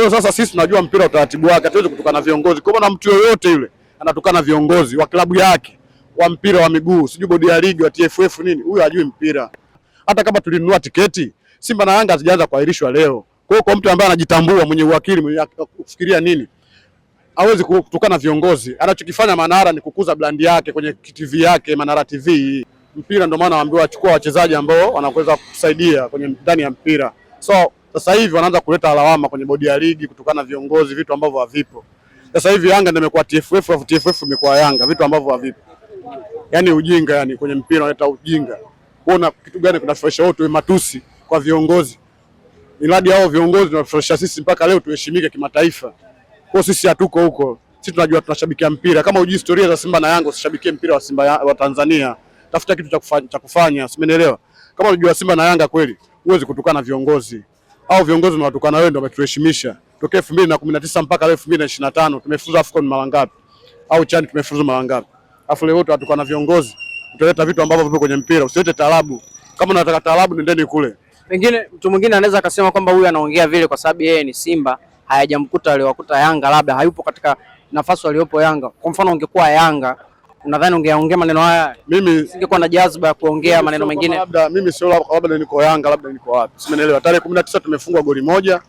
Kwa hiyo sasa sisi tunajua mpira utaratibu wake, hatuwezi kutukana viongozi. Kwa maana mtu yoyote yule anatukana viongozi wa klabu yake, wa mpira wa miguu, sijui bodi ya ligi, wa TFF nini, huyu hajui mpira. Hata kama tulinunua tiketi, Simba na Yanga hazijaanza kuahirishwa leo. Kwa hiyo kwa mtu ambaye anajitambua, mwenye uwakili, mwenye kufikiria nini, hawezi kutukana viongozi. Anachokifanya Manara ni kukuza brandi yake kwenye TV yake, Manara TV. Mpira ndio maana anaambiwa achukua wachezaji ambao wanaweza kusaidia kwenye ndani ya mpira so sasa hivi wanaanza kuleta lawama kwenye bodi ya ligi kutokana na viongozi, vitu ambavyo havipo. Sasa hivi Yanga ndio imekuwa TFF, afu TFF imekuwa Yanga, vitu ambavyo havipo. Yani ujinga, yani kwenye mpira wanaleta ujinga. Kuona kitu gani kinafurahisha watu, matusi kwa viongozi, miradi hao viongozi wanafurahisha sisi mpaka leo tuheshimike kimataifa. Kwa sisi hatuko huko, sisi tunajua tunashabikia mpira. Kama hujui historia za Simba na Yanga, usishabikie mpira wa Simba wa Tanzania, tafuta kitu cha kufanya, cha kufanya, simenielewa? Kama unajua Simba na Yanga kweli, huwezi kutukana viongozi au viongozi unawatukana wewe ndio umetuheshimisha tokea 2019 mpaka leo 2025 tumefuzu AFCON mara ngapi? Au CHAN tumefuza mara ngapi? Afu leo tunatukana viongozi, tutaleta vitu ambavyo vipo kwenye mpira. Usilete taarabu. Kama unataka taarabu, nendeni kule. Pengine mtu mwingine anaweza akasema kwamba huyu anaongea vile kwa sababu yeye ni Simba, hayajamkuta aliyowakuta Yanga, labda hayupo katika nafasi aliyopo Yanga. Kwa mfano ungekuwa Yanga nadhani ungeongea maneno haya, mimi singekuwa na jazba ya kuongea maneno mengine. Labda mimi sio, labda niko Yanga, labda niko wapi, simenielewa. Tarehe kumi na tisa tumefungwa goli moja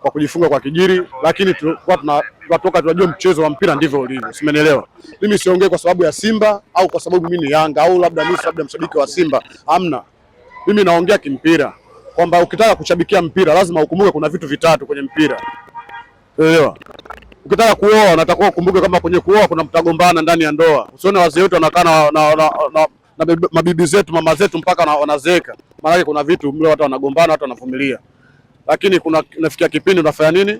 kwa kujifunga kwa kijiri, lakini tunatoka, tunajua mchezo wa mpira ndivyo ulivyo, simenielewa. Mimi siongee kwa sababu ya Simba au kwa sababu mimi ni Yanga au labda mimi labda mshabiki wa Simba, hamna. Mimi naongea kimpira kwamba ukitaka kushabikia mpira lazima ukumbuke kuna vitu vitatu kwenye mpira, elewa. Ukitaka kuoa unatakiwa ukumbuke kama kwenye kuoa kuna mtagombana ndani ya ndoa. Usione wazee wetu wanakaa na, na, na, na, na mabibi zetu mama zetu mpaka wanazeeka, maanake kuna vitu mle watu wanagombana, watu wanavumilia, lakini kuna nafikia kipindi unafanya nini,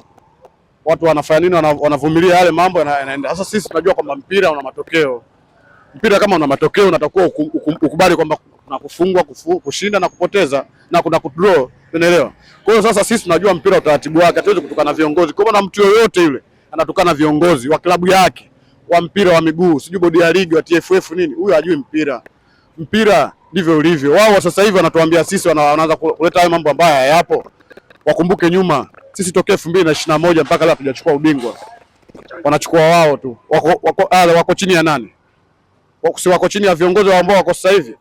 watu wanafanya nini, wanavumilia yale mambo yanaenda. Sasa sisi tunajua kwamba mpira una matokeo. Mpira kama una matokeo unatakiwa ukubali kwamba kuna kufungwa, kufu, kushinda na kupoteza na kuna kudraw, unaelewa? Kwa hiyo sasa sisi tunajua mpira utaratibu wake, hatuwezi kutukana viongozi kwa na mtu yoyote yule anatukana viongozi wa klabu yake wa mpira wa miguu, sijui bodi ya ligi wa TFF nini, huyu hajui mpira. Mpira ndivyo ulivyo. Wao sasa hivi wanatuambia sisi, wanaanza kuleta hayo mambo ambayo hayapo. Wakumbuke nyuma, sisi tokea elfu mbili na ishirini na moja mpaka leo hatujachukua ubingwa, wanachukua wao tu. Wako, wako, wako chini ya nani? Wako, si wako chini ya viongozi ambao wako sasa hivi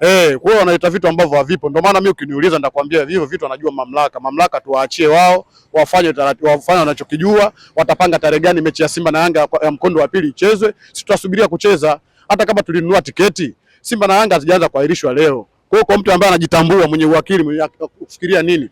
Eh, kwa hiyo wanaleta vitu ambavyo havipo. Ndio maana mimi ukiniuliza nitakwambia hivyo vitu anajua mamlaka. Mamlaka tuwaachie wao wafanye taratibu, wafanye wanachokijua, watapanga tarehe gani mechi ya Simba na Yanga ya mkondo wa pili ichezwe. Sisi tutasubiria kucheza hata kama tulinunua tiketi. Simba na Yanga hazijaanza kuahirishwa leo. Kwa hiyo kwa mtu ambaye anajitambua, mwenye uwakili, mwenye kufikiria nini?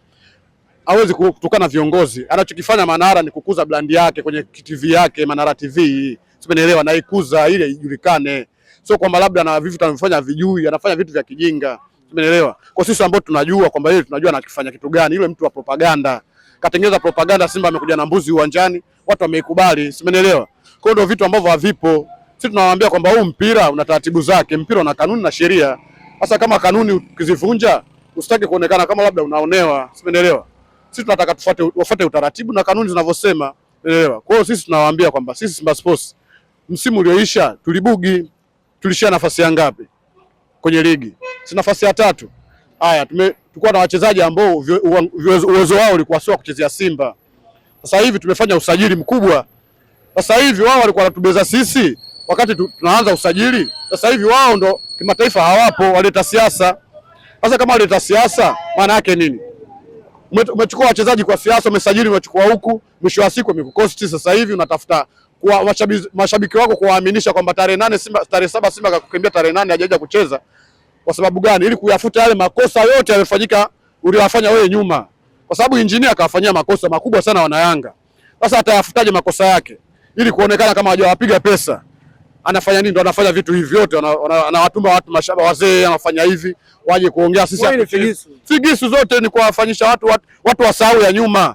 Hawezi kutukana viongozi. Anachokifanya Manara ni kukuza brandi yake kwenye TV yake, Manara TV. Sipenelewa naikuza ili ijulikane sio kwamba labda na vitu anafanya vijui, anafanya vitu vya kijinga, umeelewa? Kwa sisi ambao tunajua kwamba yeye tunajua anakifanya kitu gani, yule mtu wa propaganda katengeneza propaganda. Simba amekuja na mbuzi uwanjani, watu wameikubali, simenelewa. Kwa hiyo ndio vitu ambavyo havipo. Sisi tunawaambia kwamba huu mpira una taratibu zake, mpira una kanuni na sheria. Sasa kama kanuni ukizivunja, usitaki kuonekana kama labda unaonewa, simenelewa. Sisi tunataka tufuate, wafuate utaratibu na kanuni zinavyosema, unaelewa. Kwa hiyo sisi tunawaambia kwamba sisi Simba Sports msimu ulioisha tulibugi tulishia nafasi ya ngapi kwenye ligi? Si nafasi ya tatu. Haya, tulikuwa na wachezaji ambao uwezo wao ulikuwa sio kuchezea Simba. Sasa hivi tumefanya usajili mkubwa. Sasa hivi wao walikuwa wanatubeza sisi wakati tunaanza usajili. Sasa hivi wao ndo kimataifa hawapo, waleta siasa. Sasa kama waleta siasa, maana yake nini? Umechukua wachezaji kwa siasa, umesajili, umechukua huku, mwisho wa siku imekukosti. Sasa hivi unatafuta mashabiki wako kuwaaminisha kwamba tarehe nane Simba, tarehe saba Simba akakukimbia tarehe nane hajaja kucheza. Kwa sababu gani? Ili kuyafuta yale makosa yote yamefanyika uliyofanya wewe nyuma, kwa sababu injinia akawafanyia makosa makubwa sana wanayanga. Sasa atayafutaje makosa yake ili kuonekana kama hajawapiga pesa? Anafanya nini? Ndo anafanya vitu hivi vyote, anawatumba watu mashaba wazee, anafanya hivi waje kuongea sisi. Figisu zote ni kuwafanyisha watu, watu, watu wasahau ya nyuma